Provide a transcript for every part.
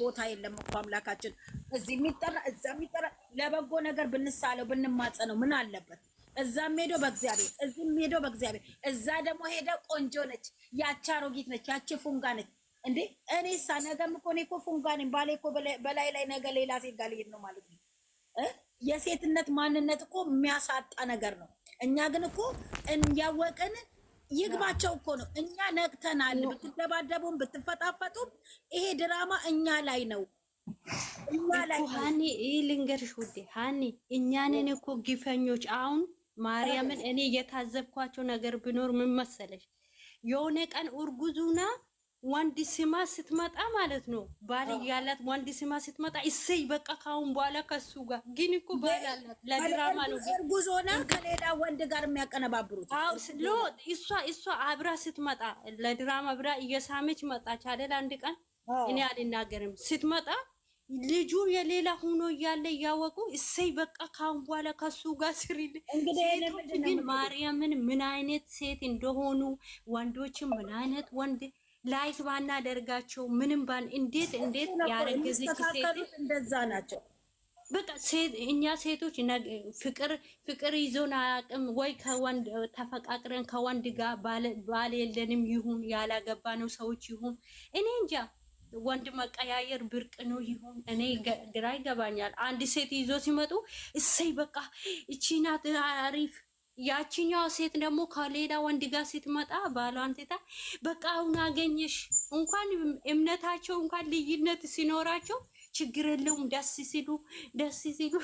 ቦታ የለም እኮ አምላካችን። እዚህ የሚጠራ እዛ የሚጠራ ለበጎ ነገር ብንሳለው ብንማጸነው ምን አለበት? እዛም ሄዶ በእግዚአብሔር እዚህም ሄዶ በእግዚአብሔር እዛ ደግሞ ሄደ። ቆንጆ ነች፣ ያቺ አሮጊት ነች፣ ያቺ ፉንጋ ነች። እንዴ እኔ ሳ ነገም እኮ እኔ እኮ ፉንጋ ነኝ፣ ባሌ እኮ በላይ ላይ ነገ ሌላ ሴት ጋር ልሄድ ነው ማለት ነው። የሴትነት ማንነት እኮ የሚያሳጣ ነገር ነው። እኛ ግን እኮ እያወቅን ይግባቸው እኮ ነው። እኛ ነቅተናል። ብትደባደቡም ብትፈጣፈጡም ይሄ ድራማ እኛ ላይ ነው። እኛ ላይ ሀኒ፣ ይህ ልንገርሽ ውዴ ሀኒ፣ እኛንን እኮ ግፈኞች። አሁን ማርያምን እኔ የታዘብኳቸው ነገር ቢኖር ምን መሰለሽ፣ የሆነ ቀን እርጉዙና ወንድ ስማ ስትመጣ ማለት ነው ባል ያላት ወንድ ስማ ስትመጣ እሰይ በቃ ካሁን በኋላ ከሱ ጋር ግን እኮ ባል ለድራማ ነው ጉዞና ከሌላ ወንድ ጋር የሚያቀነባብሩት ሎ እሷ እሷ አብራ ስትመጣ ለድራማ ብራ እየሳመች መጣች አይደል አንድ ቀን እኔ አልናገርም ስትመጣ ልጁ የሌላ ሆኖ እያለ እያወቁ እሰይ በቃ ካሁን በኋላ ከሱ ጋር ስሪ። ግን ማርያምን ምን አይነት ሴት እንደሆኑ ወንዶችን ምን አይነት ወንድ ላይክ ባናደርጋቸው ምንም ባን እንዴት እንዴት ያረገዘች ሴት እንደዛ ናቸው። በቃ ሴት እኛ ሴቶች ፍቅር ፍቅር ይዞን አያውቅም ወይ ከወንድ ተፈቃቅረን ከወንድ ጋር ባል የለንም ይሁን ያላገባ ነው ሰዎች ይሁን እኔ እንጃ ወንድ መቀያየር ብርቅ ነው ይሁን እኔ ግራ ይገባኛል። አንድ ሴት ይዞ ሲመጡ እሰይ በቃ እቺ ናት አሪፍ ያችኛዋ ሴት ደግሞ ከሌላ ወንድ ጋር ስትመጣ ባሏን ትታ በቃ አሁን አገኘሽ። እንኳን እምነታቸው እንኳን ልዩነት ሲኖራቸው ችግር የለውም። ደስ ሲሉ ደስ ሲሉ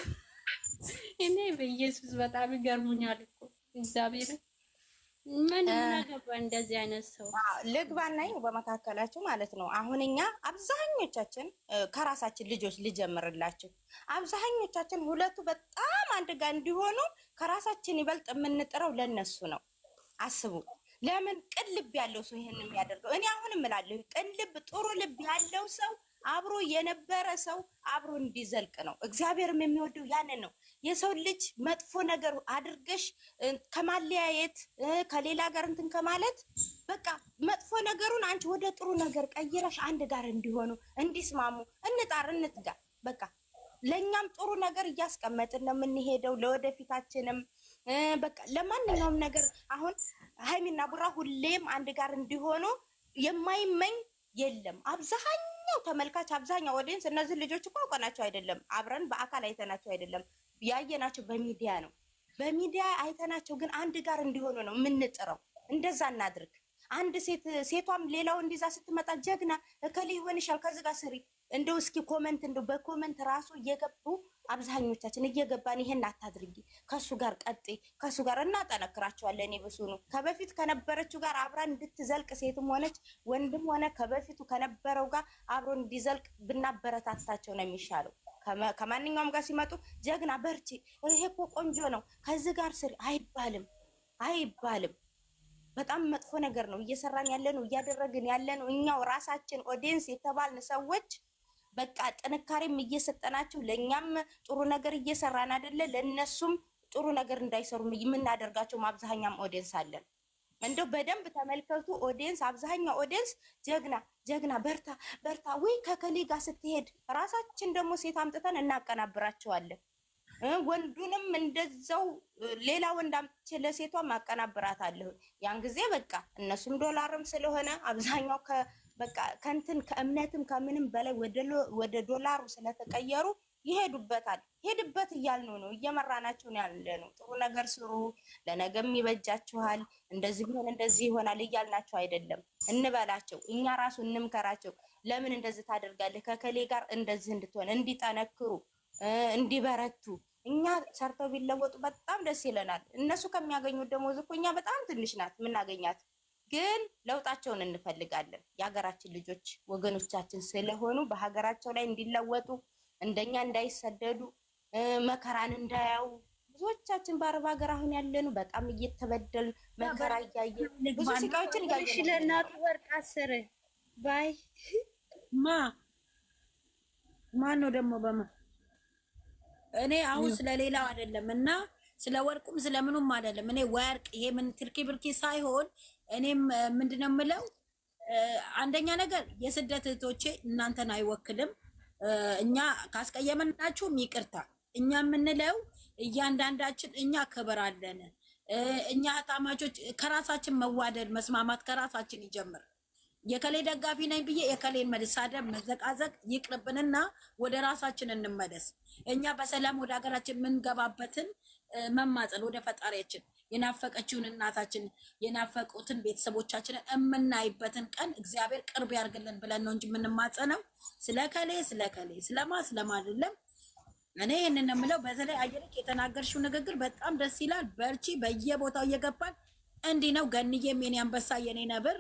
እኔ በኢየሱስ በጣም ይገርሙኛል እኮ እግዚአብሔርን ምን ገባ እንደዚህ አይነት ሰው ልግባና በመካከላችሁ ማለት ነው። አሁን እኛ አብዛኞቻችን ከራሳችን ልጆች ልጀምርላችሁ። አብዛኞቻችን ሁለቱ በጣም አንድ ጋር እንዲሆኑ ከራሳችን ይበልጥ የምንጥረው ለነሱ ነው። አስቡ። ለምን ቅልብ ያለው ሰው ይሄን የሚያደርገው? እኔ አሁን እምላለሁ ቅልብ ጥሩ ልብ ያለው ሰው አብሮ የነበረ ሰው አብሮ እንዲዘልቅ ነው። እግዚአብሔርም የሚወደው ያንን ነው። የሰው ልጅ መጥፎ ነገር አድርገሽ ከማለያየት ከሌላ ጋር እንትን ከማለት በቃ መጥፎ ነገሩን አንቺ ወደ ጥሩ ነገር ቀይረሽ አንድ ጋር እንዲሆኑ እንዲስማሙ እንጣር እንትጋ በቃ ለእኛም ጥሩ ነገር እያስቀመጥን ነው የምንሄደው ለወደፊታችንም በቃ ለማንኛውም ነገር አሁን ሀይሚና ቡራ ሁሌም አንድ ጋር እንዲሆኑ የማይመኝ የለም አብዛሃኝ አብዛኛው ተመልካች አብዛኛው ኦዲየንስ እነዚህ ልጆች እኮ አውቀናቸው አይደለም፣ አብረን በአካል አይተናቸው አይደለም፣ ያየናቸው በሚዲያ ነው። በሚዲያ አይተናቸው ግን አንድ ጋር እንዲሆኑ ነው የምንጥረው። እንደዛ እናድርግ። አንድ ሴት ሴቷም ሌላው እንዲዛ ስትመጣ ጀግና እከሌ ይሆንሻል፣ ከዚህ ጋር ስሪ። እንደው እስኪ ኮመንት እንደው በኮመንት ራሱ እየገቡ አብዛኞቻችን እየገባን ይሄን አታድርጊ፣ ከሱ ጋር ቀጤ፣ ከሱ ጋር እናጠነክራቸዋለን። ብሱ ነው ከበፊት ከነበረችው ጋር አብራ እንድትዘልቅ ሴትም ሆነች ወንድም ሆነ ከበፊቱ ከነበረው ጋር አብሮ እንዲዘልቅ ብናበረታታቸው ነው የሚሻለው። ከማንኛውም ጋር ሲመጡ ጀግና፣ በርቺ፣ ይሄ እኮ ቆንጆ ነው፣ ከዚህ ጋር ስሪ አይባልም፣ አይባልም። በጣም መጥፎ ነገር ነው እየሰራን ያለ ነው እያደረግን ያለ ነው እኛው ራሳችን ኦዲየንስ የተባልን ሰዎች በቃ ጥንካሬም እየሰጠናቸው ለእኛም ጥሩ ነገር እየሰራን አይደለ? ለእነሱም ጥሩ ነገር እንዳይሰሩ የምናደርጋቸውም አብዛኛም ኦዲየንስ አለን። እንደው በደንብ ተመልከቱ። ኦዲየንስ አብዛኛው ኦዲየንስ ጀግና ጀግና በርታ በርታ ወይ ከከሌ ጋር ስትሄድ ራሳችን ደግሞ ሴት አምጥተን እናቀናብራቸዋለን። ወንዱንም እንደዛው ሌላ ወንድ አምጥቼ ለሴቷም አቀናብራታለሁ። ያን ጊዜ በቃ እነሱም ዶላርም ስለሆነ አብዛኛው በቃ ከንትን ከእምነትም ከምንም በላይ ወደ ዶላሩ ስለተቀየሩ ይሄዱበታል። ሄድበት እያልነው ነው እየመራናቸው ነው ያለ ነው። ጥሩ ነገር ስሩ፣ ለነገም ይበጃችኋል፣ እንደዚህ ቢሆን እንደዚህ ይሆናል እያልናቸው አይደለም። እንበላቸው፣ እኛ ራሱ እንምከራቸው። ለምን እንደዚህ ታደርጋለህ? ከከሌ ጋር እንደዚህ እንድትሆን፣ እንዲጠነክሩ፣ እንዲበረቱ እኛ ሰርተው ቢለወጡ በጣም ደስ ይለናል። እነሱ ከሚያገኙት ደሞዝ እኮ እኛ በጣም ትንሽ ናት የምናገኛት ግን ለውጣቸውን እንፈልጋለን። የሀገራችን ልጆች ወገኖቻችን ስለሆኑ በሀገራቸው ላይ እንዲለወጡ እንደኛ እንዳይሰደዱ መከራን እንዳያዩ ብዙዎቻችን በአረብ ሀገር አሁን ያለኑ በጣም እየተበደል መከራ እያየ ብዙ እያየ ለእናቱ ወርቅ አስር ባይ ማ ማን ነው ደግሞ በማ እኔ አሁን ስለሌላው አይደለም እና ስለ ወርቁም ስለምኑም አይደለም። እኔ ወርቅ ይሄ ምን ትርኪ ብርኪ ሳይሆን እኔም ምንድነው የምለው አንደኛ ነገር የስደት እህቶቼ እናንተን አይወክልም። እኛ ካስቀየመናችሁም ይቅርታ። እኛ የምንለው እያንዳንዳችን እኛ ክብር አለን። እኛ ጣማቾች ከራሳችን መዋደድ፣ መስማማት ከራሳችን ይጀምር። የከሌ ደጋፊ ነኝ ብዬ የከሌን መሳደብ፣ መዘቃዘቅ ይቅርብንና ወደ ራሳችን እንመለስ። እኛ በሰላም ወደ ሀገራችን የምንገባበትን መማፀን ወደ ፈጣሪያችን የናፈቀችውን እናታችን የናፈቁትን ቤተሰቦቻችንን የምናይበትን ቀን እግዚአብሔር ቅርብ ያርግልን ብለን ነው እንጂ የምንማጸነው ስለ ከሌ ስለ ከሌ ስለማ ስለማ አይደለም። እኔ ይህንን የምለው በተለይ አየለች የተናገርሽው ንግግር በጣም ደስ ይላል። በርቺ፣ በየቦታው እየገባል እንዲህ ነው። ገንዬም የኔ አንበሳ የኔ ነብር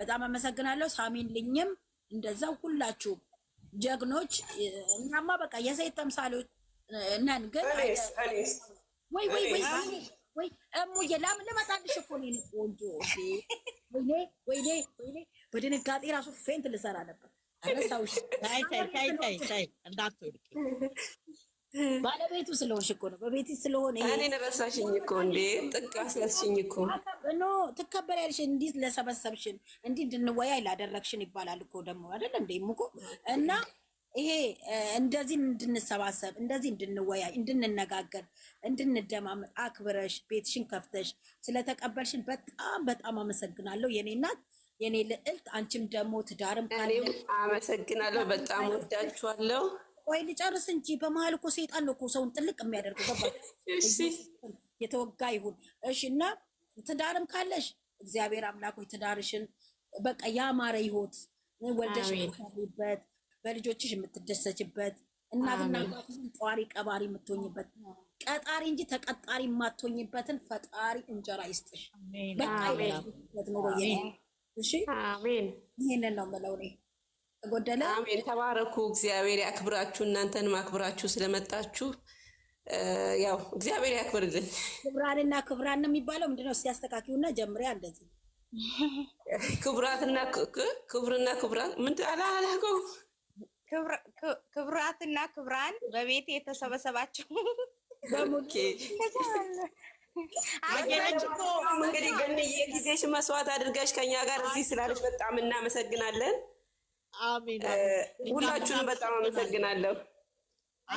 በጣም አመሰግናለሁ። ሳሚን ልኝም እንደዛው ሁላችሁም ጀግኖች። እኛማ በቃ የሰይት ተምሳሌ ነን ግን ወይ ወይ ወይ ወይ እሙዬ ለምን ልመጣልሽ እኮ ነው ቆንጆ። ወይኔ ወይኔ ወይኔ በድንጋጤ ራሱ ፌንት ልሰራ ነበር። ባለቤቱ ስለሆንሽ እኮ ነው። በቤት ስለሆነ እኔን ረሳሽኝ እኮ እንዴ! ጥቅ አስያዝሽኝ እኮ ኖ ትከበሪያለሽ። እንዲህ ለሰበሰብሽን እንዲህ እንድንወያይ ላደረግሽን ይባላል እኮ ደግሞ አይደለ እንዴ ሙኮ እና ይሄ እንደዚህ እንድንሰባሰብ እንደዚህ እንድንወያይ እንድንነጋገር እንድንደማመጥ አክብረሽ ቤትሽን ከፍተሽ ስለተቀበልሽን በጣም በጣም አመሰግናለሁ የኔ እናት የኔ ልዕልት። አንቺም ደግሞ ትዳርም አመሰግናለሁ። በጣም ወዳችኋለሁ። ቆይ ልጨርስ እንጂ በመሀል እኮ ሴጣን እኮ ሰውን ጥልቅ የሚያደርገው ገባ። የተወጋ ይሁን እሺ። እና ትዳርም ካለሽ እግዚአብሔር አምላኮች ትዳርሽን በቃ ያማረ ይሆት ወልደሽ በት በልጆችሽ የምትደሰችበት እናትና ጠዋሪ ቀባሪ የምትሆኝበት ቀጣሪ እንጂ ተቀጣሪ የማትሆኝበትን ፈጣሪ እንጀራ ይስጥሽ። በቃ ይህንን ነው የምለው እኔ አሜን። ተባረኩ። እግዚአብሔር ያክብራችሁ። እናንተን ማክብራችሁ ስለመጣችሁ ያው እግዚአብሔር ያክብርልን። ክብራንና ክብራን የሚባለው ምንድነው? ሲያስተካኪውና ጀምሬ እንደዚህ ክቡራትና ክብርና ክቡራት ምንድ አላ አላቀው ክብራትና ክብራን በቤት የተሰበሰባችሁ በሙኬ እንግዲህ ገንዬ ጊዜሽ መስዋዕት አድርገሽ ከኛ ጋር እዚህ ስላለች በጣም እናመሰግናለን። ሁላችሁንም በጣም አመሰግናለሁ።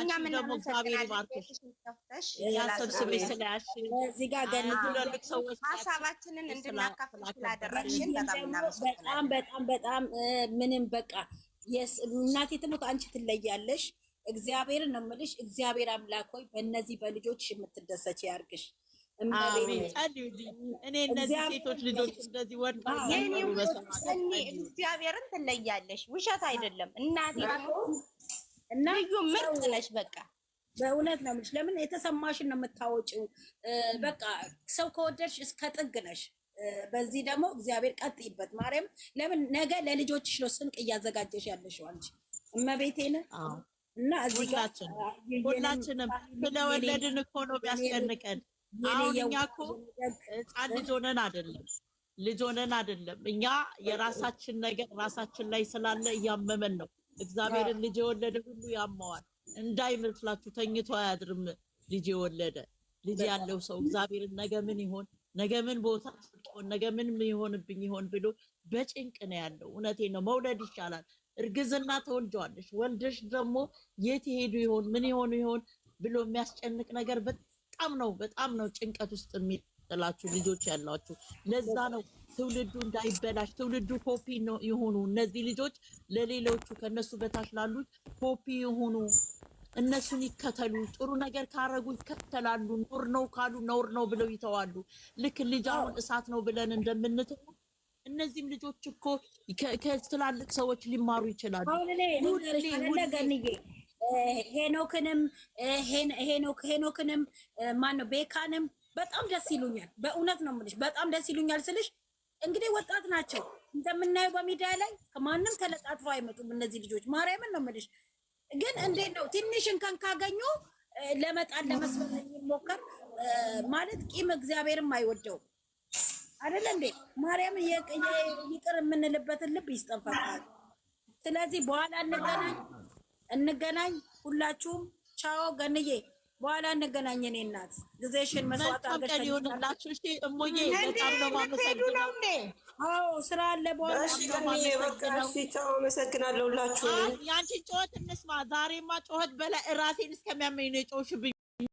እኛም ሀሳባችንን እንድናካፍል ስላደረግሽን በጣም በጣም በጣም ምንም በቃ እናቴ ትሙት አንቺ ትለያለሽ። እግዚአብሔርን ነው የምልሽ። እግዚአብሔር አምላክ ሆይ በእነዚህ በልጆች የምትደሰች ያርግሽ። እኔ እነዚህ ሴቶች ልጆች እንደዚህ ወድባ እግዚአብሔርን ትለያለሽ። ውሸት አይደለም እናቴ እና ልዩ ምርጥ ነሽ። በቃ በእውነት ነው የምልሽ። ለምን የተሰማሽን ነው የምታወጪው። በቃ ሰው ከወደድሽ እስከ ጥግ ነሽ። በዚህ ደግሞ እግዚአብሔር ቀጥይበት። ማርያም ለምን ነገ ለልጆችሽ ነው ስንቅ እያዘጋጀሽ ያለሽው አንቺ እመቤቴን እና እዚህ ጋር ሁላችንም ስለወለድን እኮ ነው የሚያስጨንቀን። አሁን እኛ እኮ ህፃን ልጅ ሆነን አይደለም ልጅ ሆነን አይደለም። እኛ የራሳችን ነገር ራሳችን ላይ ስላለ እያመመን ነው። እግዚአብሔርን ልጅ የወለደ ሁሉ ያማዋል እንዳይመስላችሁ፣ ተኝቶ አያድርም። ልጅ የወለደ ልጅ ያለው ሰው እግዚአብሔርን ነገ ምን ይሆን ነገ ምን ቦታ ስጦን ነገ ምን የሆንብኝ ይሆን ብሎ በጭንቅ ነው ያለው። እውነቴ ነው። መውለድ ይሻላል። እርግዝና ተወልደዋለች። ወልደሽ ደግሞ የት ሄዱ ይሆን ምን ይሆኑ ይሆን ብሎ የሚያስጨንቅ ነገር በጣም ነው በጣም ነው ጭንቀት ውስጥ የሚጥላችሁ ልጆች ያላችሁ። ለዛ ነው ትውልዱ እንዳይበላሽ ትውልዱ ኮፒ ነው የሆኑ እነዚህ ልጆች ለሌሎቹ ከነሱ በታች ላሉት ኮፒ የሆኑ እነሱን ይከተሉ። ጥሩ ነገር ካረጉ ይከተላሉ። ኖር ነው ካሉ ኖር ነው ብለው ይተዋሉ። ልክ ልጅ አሁን እሳት ነው ብለን እንደምንተው እነዚህም ልጆች እኮ ከትላልቅ ሰዎች ሊማሩ ይችላሉ። ሄኖክንም ሄኖክንም ማን ነው ቤካንም በጣም ደስ ይሉኛል። በእውነት ነው የምልሽ፣ በጣም ደስ ይሉኛል ስልሽ እንግዲህ ወጣት ናቸው እንደምናየው በሚዲያ ላይ ከማንም ተለጣጥፈው አይመጡም እነዚህ ልጆች ማርያምን ነው የምልሽ። ግን እንዴት ነው ትንሽ እንከን ካገኙ ለመጣል ለመስበር የሚሞከር ማለት ቂም እግዚአብሔርም አይወደውም አይደለ እንዴ? ማርያም ይቅር የምንልበትን ልብ ይስጠንፈቃል። ስለዚህ በኋላ እንገናኝ እንገናኝ። ሁላችሁም ቻው። ገንዬ በኋላ እንገናኝ። እኔ እናት ጊዜሽን መስዋዕት አድርገሽ እሞዬ በጣም ነው ማመሰግነው አዎ ስራ አለ። በኋላ አመሰግናለሁ። ሁላችሁ የአንቺን ጩኸት እንስማ። ዛሬማ ጩኸት በላይ ራሴን እስከሚያመኝ ነው የጮሽብኝ።